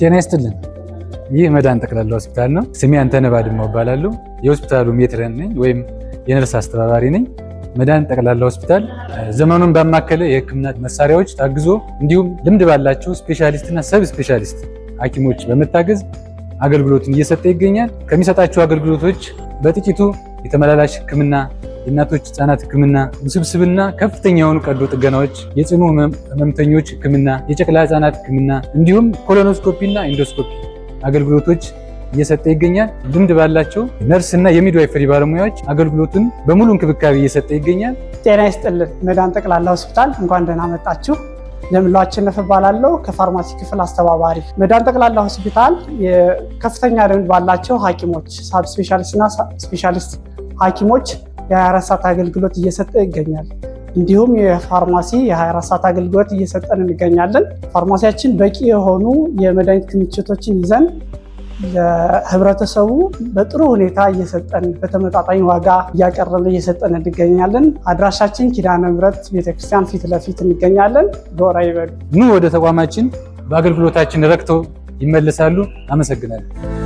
ጤና ይስጥልን። ይህ መዳን ጠቅላላ ሆስፒታል ነው። ስሜ አንተነህ ባድማው እባላለሁ። የሆስፒታሉ ሜትረን ነኝ ወይም የነርስ አስተባባሪ ነኝ። መዳን ጠቅላላ ሆስፒታል ዘመኑን ባማከለ የሕክምና መሳሪያዎች ታግዞ እንዲሁም ልምድ ባላቸው ስፔሻሊስትና ሰብ ስፔሻሊስት ሐኪሞች በመታገዝ አገልግሎትን እየሰጠ ይገኛል። ከሚሰጣቸው አገልግሎቶች በጥቂቱ የተመላላሽ ሕክምና የእናቶች ህጻናት ህክምና፣ ውስብስብና ከፍተኛ የሆኑ ቀዶ ጥገናዎች፣ የጽኑ ህመምተኞች ህክምና፣ የጨቅላ ህጻናት ህክምና እንዲሁም ኮሎኖስኮፒና ኢንዶስኮፒ አገልግሎቶች እየሰጠ ይገኛል። ልምድ ባላቸው ነርስ እና የሚድዋይፈሪ ባለሙያዎች አገልግሎቱን በሙሉ እንክብካቤ እየሰጠ ይገኛል። ጤና ይስጥልን። መዳን ጠቅላላ ሆስፒታል እንኳን ደህና መጣችሁ። ለምላችን ነፍ እባላለሁ ከፋርማሲ ክፍል አስተባባሪ። መዳን ጠቅላላ ሆስፒታል ከፍተኛ ልምድ ባላቸው ሐኪሞች ሳብ ስፔሻሊስትና ስፔሻሊስት ሐኪሞች የ24 ሰዓት አገልግሎት እየሰጠ ይገኛል። እንዲሁም የፋርማሲ የ24 ሰዓት አገልግሎት እየሰጠን እንገኛለን። ፋርማሲያችን በቂ የሆኑ የመድኃኒት ክምችቶችን ይዘን ለህብረተሰቡ በጥሩ ሁኔታ እየሰጠን በተመጣጣኝ ዋጋ እያቀረበ እየሰጠን እንገኛለን። አድራሻችን ኪዳነ ምሕረት ቤተክርስቲያን ፊት ለፊት እንገኛለን። ዶራ ይበሉ። ኑ ወደ ተቋማችን በአገልግሎታችን ረክተው ይመለሳሉ። አመሰግናለሁ።